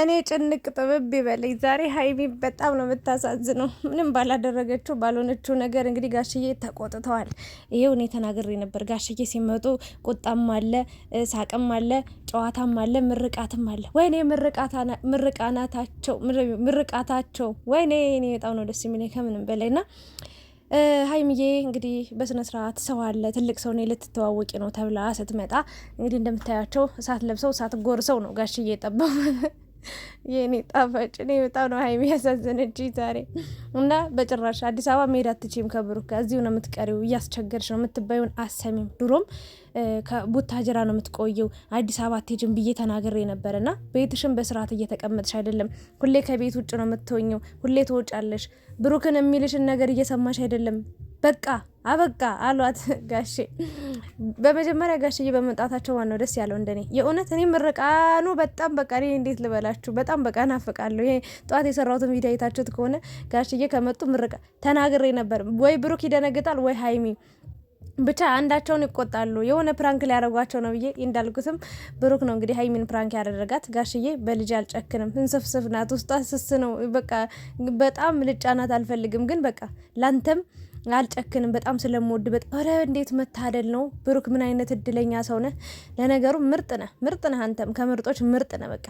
እኔ ጭንቅ ጥብብ ይበለኝ። ዛሬ ሀይሚ በጣም ነው የምታሳዝነው። ምንም ባላደረገችው ባልሆነችው ነገር እንግዲህ ጋሽዬ ተቆጥተዋል። ይሄው እኔ ተናግሬ ነበር። ጋሽዬ ሲመጡ ቁጣም አለ፣ ሳቅም አለ፣ ጨዋታም አለ፣ ምርቃትም አለ። ወይኔ ምርቃናታቸው ምርቃታቸው! ወይኔ እኔ በጣም ነው ደስ የሚለኝ ከምንም በላይ ና ሀይሚዬ እንግዲህ በስነ ስርዓት ሰው አለ ትልቅ ሰው ነው ልትተዋወቂ ነው ተብላ ስትመጣ እንግዲህ እንደምታያቸው እሳት ለብሰው እሳት ጎርሰው ነው ጋሽ የጠባው። የእኔ ጣፋጭ እኔ በጣም ነው ሀይሚ ያሳዘነች ዛሬ እና በጭራሽ አዲስ አበባ መሄድ አትችም፣ ከብሩክ ጋር እዚሁ ነው የምትቀሪው፣ እያስቸገርሽ ነው የምትባዩን አሰሚም ድሮም ቡታጅራ ነው የምትቆየው አዲስ አበባ አትሄጂም ብዬ ተናግሬ ነበር እና ቤትሽን በስርዓት እየተቀመጥሽ አይደለም። ሁሌ ከቤት ውጭ ነው የምትወኘው፣ ሁሌ ትወጫለሽ። ብሩክን የሚልሽን ነገር እየሰማሽ አይደለም። በቃ አበቃ አሏት ጋሼ። በመጀመሪያ ጋሼዬ በመምጣታቸው ዋናው ደስ ያለው? እንደኔ የእውነት እኔ ምርቃኑ በጣም በቃ እኔ እንዴት ልበላችሁ በጣም በቃ ናፍቃለሁ። ይሄ ጠዋት የሰራሁትን ቪዲዮ አይታችሁት ከሆነ ጋሼዬ ከመጡ ምርቃ ተናግሬ ነበር። ወይ ብሩክ ይደነግጣል ወይ ሀይሚ ብቻ አንዳቸውን ይቆጣሉ። የሆነ ፕራንክ ሊያደርጓቸው ነው ብዬ እንዳልኩትም ብሩክ ነው እንግዲህ ሀይሚን ፕራንክ ያደረጋት። ጋሽዬ በልጅ አልጨክንም፣ እንስፍስፍ ናት፣ ውስጧ ስስ ነው። በቃ በጣም ልጫናት አልፈልግም። ግን በቃ ላንተም አልጨክንም በጣም ስለምወድ በጣም እንዴት መታደል ነው ብሩክ፣ ምን አይነት እድለኛ ሰው ነህ። ለነገሩ ምርጥ ነህ፣ ምርጥ ነህ። አንተም ከምርጦች ምርጥ ነህ በቃ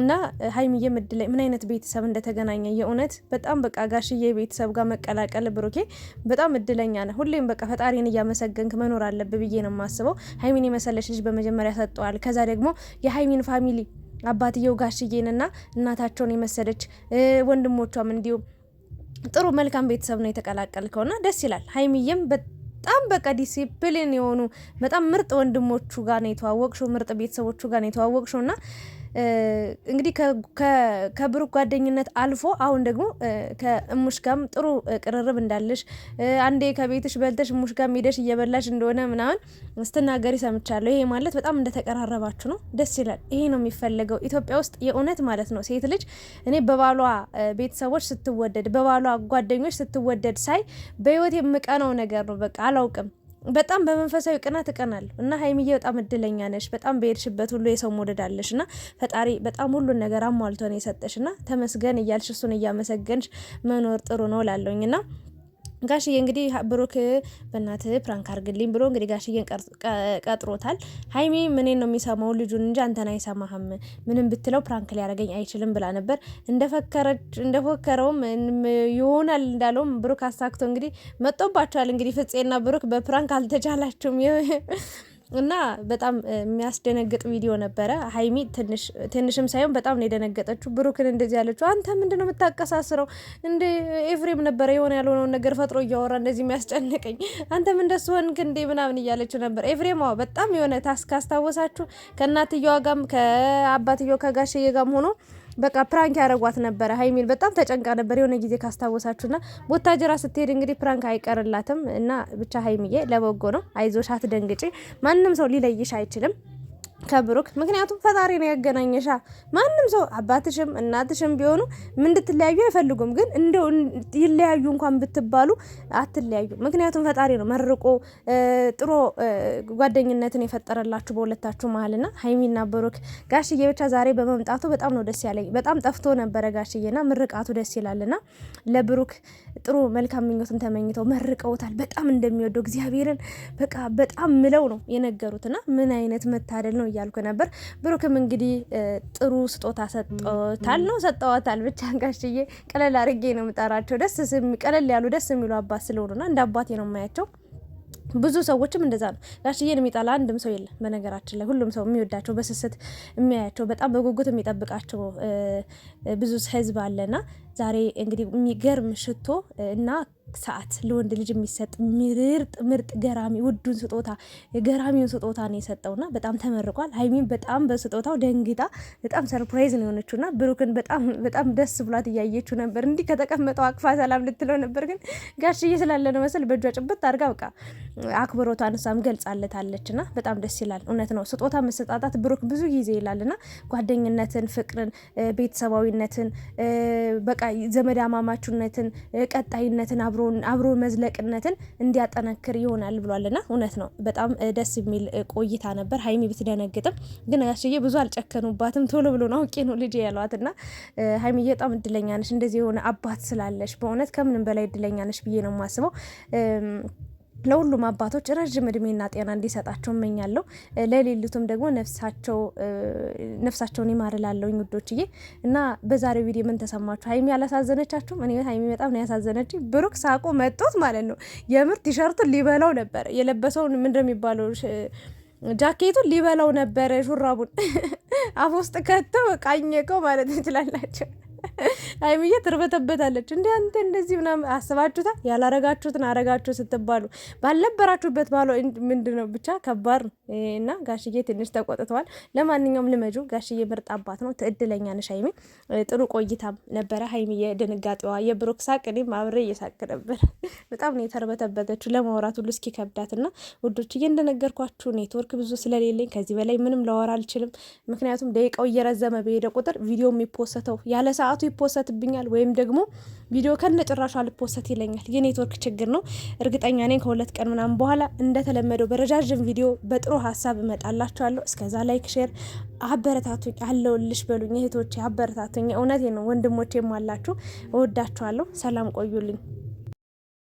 እና ሀይሚዬ ምድ ላይ ምን አይነት ቤተሰብ እንደተገናኘ የእውነት በጣም በቃ ጋሽዬ ቤተሰብ ጋር መቀላቀል ብሩኬ በጣም እድለኛ ነህ። ሁሌም በቃ ፈጣሪን እያመሰገንክ መኖር አለብ ብዬ ነው የማስበው። ሀይሚን የመሰለች ልጅ በመጀመሪያ ሰጠዋል። ከዛ ደግሞ የሀይሚን ፋሚሊ አባትየው ጋሽዬንና እናታቸውን የመሰለች ወንድሞቿም እንዲሁም ጥሩ መልካም ቤተሰብ ነው የተቀላቀልከውና ደስ ይላል። ሀይሚዬም በጣም በቃ ዲሲፕሊን የሆኑ በጣም ምርጥ ወንድሞቹ ጋር ነው የተዋወቅሽው፣ ምርጥ ቤተሰቦቹ ጋር ነው የተዋወቅሽው እና እንግዲህ ከብሩክ ጓደኝነት አልፎ አሁን ደግሞ ከእሙሽ ጋም ጥሩ ቅርርብ እንዳለሽ አንዴ ከቤትሽ በልተሽ እሙሽ ጋም ሄደሽ እየበላሽ እንደሆነ ምናምን ስትናገሪ ሰምቻለሁ። ይሄ ማለት በጣም እንደተቀራረባችሁ ነው። ደስ ይላል። ይሄ ነው የሚፈለገው ኢትዮጵያ ውስጥ የእውነት ማለት ነው። ሴት ልጅ እኔ በባሏ ቤተሰቦች ስትወደድ፣ በባሏ ጓደኞች ስትወደድ ሳይ በህይወት የምቀነው ነገር ነው። በቃ አላውቅም በጣም በመንፈሳዊ ቅናት እቀናለሁ እና ሀይሚዬ በጣም እድለኛ ነሽ። በጣም በሄድሽበት ሁሉ የሰው መውደድ አለሽ እና ፈጣሪ በጣም ሁሉን ነገር አሟልቶ ነው የሰጠሽ እና ተመስገን እያልሽ እሱን እያመሰገንሽ መኖር ጥሩ ነው ላለውኝ እና ጋሽዬ እንግዲህ ብሩክ በእናት ፕራንክ አርግልኝ ብሎ እንግዲህ ጋሽዬን ቀጥሮታል። ሀይሚ ምኔ ነው የሚሰማው ልጁን እንጂ አንተን አይሰማህም፣ ምንም ብትለው ፕራንክ ሊያደርገኝ አይችልም ብላ ነበር። እንደፎከረውም ይሆናል እንዳለውም ብሩክ አሳክቶ እንግዲህ መጦባቸዋል። እንግዲህ ፍፄና ብሩክ በፕራንክ አልተቻላችሁም። እና በጣም የሚያስደነግጥ ቪዲዮ ነበረ። ሀይሚ ትንሽም ሳይሆን በጣም ነው የደነገጠችው። ብሩክን እንደዚህ ያለችው አንተ ምንድነው የምታቀሳስረው? እንደ ኤፍሬም ነበረ የሆነ ያልሆነውን ነገር ፈጥሮ እያወራ እንደዚህ የሚያስጨንቀኝ አንተም እንደሱ ሆንክ እንዴ ምናምን እያለችው ነበር። ኤፍሬም በጣም የሆነ ታስክ አስታወሳችሁ ከእናትየዋ ጋም ከአባትየው ከጋሸዬ ጋም ሆኖ በቃ ፕራንክ ያደረጓት ነበረ። ሀይሚን በጣም ተጨንቃ ነበር የሆነ ጊዜ ካስታወሳችሁና ቦታጀራ ስትሄድ እንግዲህ ፕራንክ አይቀርላትም እና ብቻ ሀይሚዬ ለበጎ ነው። አይዞሽ፣ አትደንግጪ። ማንም ሰው ሊለይሽ አይችልም። ከብሩክ ምክንያቱም ፈጣሪ ነው ያገናኘሻ። ማንም ሰው አባትሽም እናትሽም ቢሆኑ እንድትለያዩ አይፈልጉም። ግን እንደው ይለያዩ እንኳን ብትባሉ አትለያዩ። ምክንያቱም ፈጣሪ ነው መርቆ ጥሩ ጓደኝነትን የፈጠረላችሁ በሁለታችሁ መሀልና ሀይሚና ብሩክ። ጋሽዬ ብቻ ዛሬ በመምጣቱ በጣም ነው ደስ ያለኝ። በጣም ጠፍቶ ነበረ ጋሽዬና ምርቃቱ ደስ ይላል። ና ለብሩክ ጥሩ መልካም ምኞትን ተመኝተው መርቀውታል። በጣም እንደሚወደው እግዚአብሔርን በቃ በጣም ምለው ነው የነገሩትና ምን አይነት መታደል ነው ነው እያልኩ ነበር። ብሩክም እንግዲህ ጥሩ ስጦታ ሰጠታል ነው ሰጠዋታል። ብቻ ጋሽዬ ቀለል አድርጌ ነው የምጠራቸው ደስ ቀለል ያሉ ደስ የሚሉ አባት ስለሆኑና እንደ አባቴ ነው የማያቸው። ብዙ ሰዎችም እንደዛ ነው። ጋሽዬን የሚጠላ አንድም ሰው የለም። በነገራችን ላይ ሁሉም ሰው የሚወዳቸው በስስት የሚያያቸው በጣም በጉጉት የሚጠብቃቸው ብዙ ህዝብ አለና ዛሬ እንግዲህ የሚገርም ሽቶ እና ሰዓት ለወንድ ልጅ የሚሰጥ ምርጥ ምርጥ ገራሚ ውዱን ስጦታ ገራሚውን ስጦታ ነው የሰጠውና በጣም ተመርቋል። ሀይሚን በጣም በስጦታው ደንግጣ በጣም ሰርፕራይዝ ነው የሆነችውና ብሩክን በጣም ደስ ብሏት እያየችው ነበር። እንዲህ ከተቀመጠው አቅፋ ሰላም ልትለው ነበር፣ ግን ጋሽዬ ስላለ ነው መሰል በእጇ ጭብት አድርጋ በቃ አክብሮቷን እሷም ገልጻለታለችና በጣም ደስ ይላል። እውነት ነው ስጦታ መሰጣጣት ብሩክ ብዙ ጊዜ ይላልና ጓደኝነትን፣ ፍቅርን፣ ቤተሰባዊነትን በቃ ዘመዳማማችነትን ቀጣይነትን አብሮ አብሮ መዝለቅነትን እንዲያጠነክር ይሆናል ብሏልና እውነት ነው። በጣም ደስ የሚል ቆይታ ነበር። ሀይሚ ብትደነግጥም ግን ያሽዬ ብዙ አልጨከኑባትም። ቶሎ ብሎ አውቄ ነው ልጅ ያሏትና ሀይሚዬ በጣም እድለኛ ነሽ እንደዚህ የሆነ አባት ስላለሽ። በእውነት ከምንም በላይ እድለኛ ነሽ ብዬ ነው የማስበው። ለሁሉም አባቶች ረዥም እድሜና ጤና እንዲሰጣቸው እመኛለሁ። ለሌሉትም ደግሞ ነፍሳቸውን ይማርላለውኝ ውዶችዬ። እና በዛሬው ቪዲዮ ምን ተሰማችሁ? ሀይሚ ያላሳዘነቻችሁም? እኔ ሀይሚ በጣም ነው ያሳዘነች። ብሩክ ሳቆ መጡት ማለት ነው። የምር ቲሸርቱን ሊበላው ነበር የለበሰውን ምን እንደሚባለው ጃኬቱን ሊበላው ነበረ። ሹራቡን አፍ ውስጥ ከተው ቃኘቀው ማለት ትችላላቸው። ሀይሚዬ ትርበተበታለች። እንደ አንተ እንደዚህ ምናምን አስባችሁታል። ያላረጋችሁትን አረጋችሁ ስትባሉ ባልነበራችሁበት ባሎ ምንድን ነው ብቻ ከባድ እና ጋሽዬ ትንሽ ተቆጥተዋል። ለማንኛውም ልመጁ ጋሽዬ ምርጥ አባት ነው። ትዕድለኛ ነሽ ሀይሚ። ጥሩ ቆይታ ነበረ ሀይሚዬ። ድንጋጤዋ የብሩክ ሳቅ እኔም አብሬ እየሳቅ ነበር። በጣም ነው የተርበተበተችው ለማውራት ሁሉ እስኪ ከብዳት እና ውዶችዬ እንደነገርኳችሁ ኔትወርክ ብዙ ስለሌለኝ ከዚህ በላይ ምንም ላወራ አልችልም። ምክንያቱም ደቂቃው እየረዘመ በሄደ ቁጥር ቪዲዮ የሚፖሰተው ያለ ሰዓቱ ይፖሰትብኛል ወይም ደግሞ ቪዲዮ ከነ ጭራሹ አልፖሰት ይለኛል። የኔትወርክ ችግር ነው። እርግጠኛ ነኝ ከሁለት ቀን ምናምን በኋላ እንደተለመደው በረጃጅም ቪዲዮ በጥሩ ሀሳብ እመጣላችኋለሁ። እስከዛ ላይክ፣ ሼር አበረታቱኝ፣ አለውልሽ በሉኝ እህቶቼ፣ አበረታቱኝ። እውነቴ ነው ወንድሞቼም አላችሁ፣ እወዳችኋለሁ። ሰላም ቆዩልኝ።